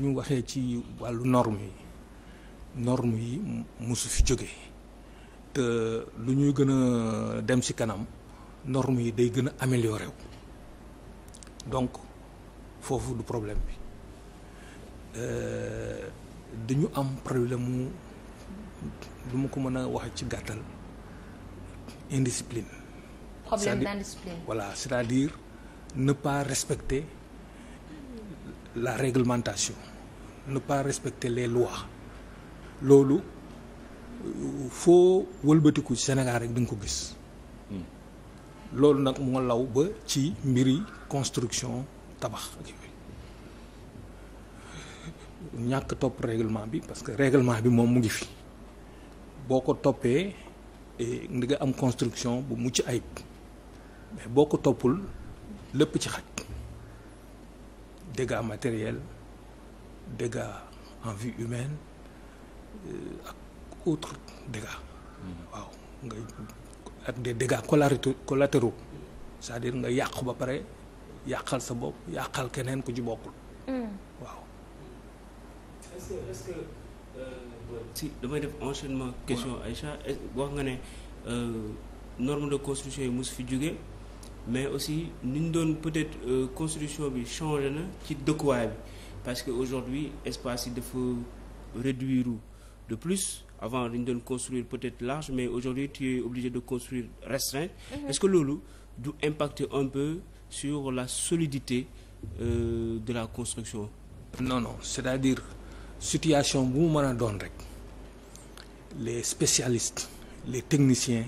ñu waxee ci wàllu norme yi norme yi mosu fi jógee te lu ñuy gën a dem si kanam norme yi day gën a amélioré wu donc foofu du problème bi euh, dañu am problème mu lu ma ko mën a wax ci gàttal indiscipline. problème d'indiscipline voilà c'est-à-dire ne pas respecter la réglementation ne pas respecter les lois loolu foo wëlbatiku ci Sénégal rek di nga ko gis loolu nag moo law ba ci mbiri construction tabax ak ñàkk topp réglement bi parce que règlement bi moom mu ngi fi boo ko toppee eh, di nga am construction bu mucc ayib mais boo ko toppul lépp ci xaj dégâts matériels dégâts en vie humaine euh, ak autres dégâts. Mm-hmm. waaw nga ak des dégâts collatéraux cest dire nga yàqu ba pare yàqal sa bopp yàqal keneen ku ci bokkul. Mm. waaw. Euh, si damay def enchaînement question ay Aïcha wax nga ne euh, norme de construction yi mosu fi jóge mais aussi ni doon peut-être constitution bi changé na ci dëkkuwaay bi. parce que aujourd'hui espace yi dafa réduire de plus avant dañu doon construire peut-être large mais aujourd'hui tu es obligé de construire restreint mm est-ce que loolu du impacter un peu sur la solidité euh, de la construction non non c'est-à-dire situation bu mu mën a doon rek les spécialistes les techniciens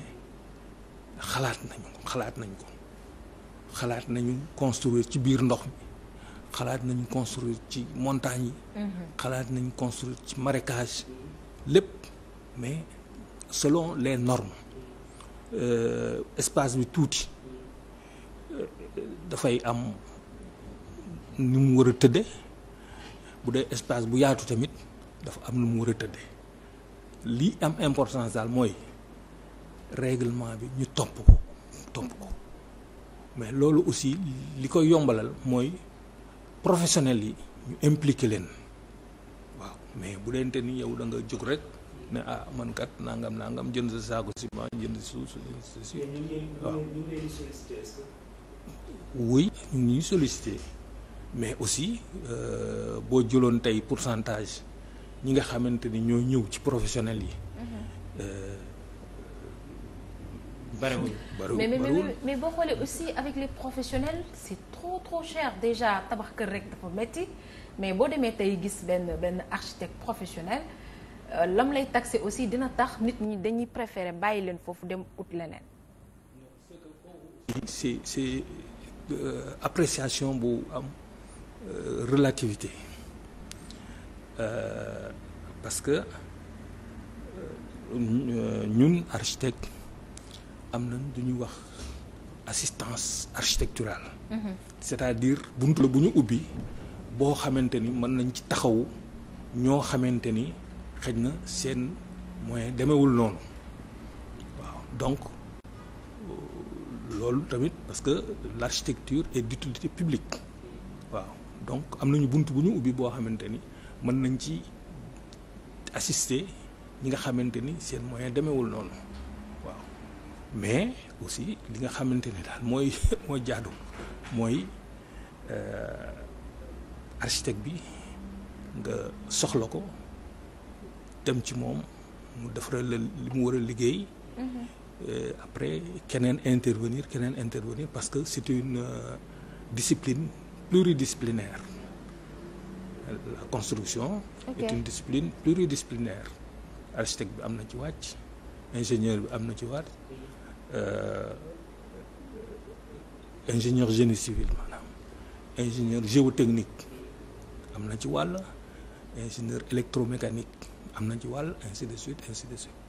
xalaat nañu xalaat nañ ko xalaat nañu construire ci biir ndox mi xalaat nañu construire ci montagne yi. Mhm. xalaat nañu construire ci marécage lépp mais selon les normes euh, espace bi tuuti euh, dafay am nu mu war a tëdde bu dee espace bu yaatu tamit dafa am nu mu war a tëdde li am importance daal mooy règlement bi ñu topp ko topp ko mais loolu aussi li koy yombalal mooy. professionnels yi ñu impliqué leen waaw mais bu leen deente ni yow da jóg rek ne ah man kat nangam nangam jën sa saako ciment jën suuf si waaw oui ñu ngi ñuy mais aussi euh, boo jëloon tey pourcentage ñi nga xamante ni ñoo ñëw ci professionnels yi. Mhm. Euh, barewuñu mais mais mais boo xoolee aussi avec les professionnels c'est trop trop cher déjà tabax kër rek dafa metti mais boo demee tey gis benn benn architecte professionnel euh, lam lay taxé aussi dina tax nit ñi dañuy préférer bàyyi leen foofu dem ut leneen. c'est c'est euh, appréciation bu am euh, relativité parce que ñun architecte. am na du ñuy wax assistance architecturale mhm. c'est-à-dire bunt la bu ñu ubbi boo xamante ni mën nañ ci taxawu ñoo xamante ni xëj na seen moyen demewul noonu waaw donc loolu tamit parce que l'architecture est d'utilité publique waaw donc am nañu bunt bu ñu ubbi boo xamante ni mën nañ ci assister ñi nga xamante ni seen moyen demewul noonu mais aussi li nga xamante ne daal mooy mooy jaadu mooy euh, architecte bi nga soxla ko dem ci moom mu defaral la li mu war a liggéey. Mhm. Euh, après keneen intervenir keneen intervenir parce que c'est une euh, discipline pluridisciplinaire la construction. Okay. est bi am na ci wàcc ingénieur bi am na ci wàcc. Euh, ingénieur génie civil maanaam ingénieur géotechnique am na ci wàll ingénieur électromécanique am na ci wàll ainsi de suite ainsi de suite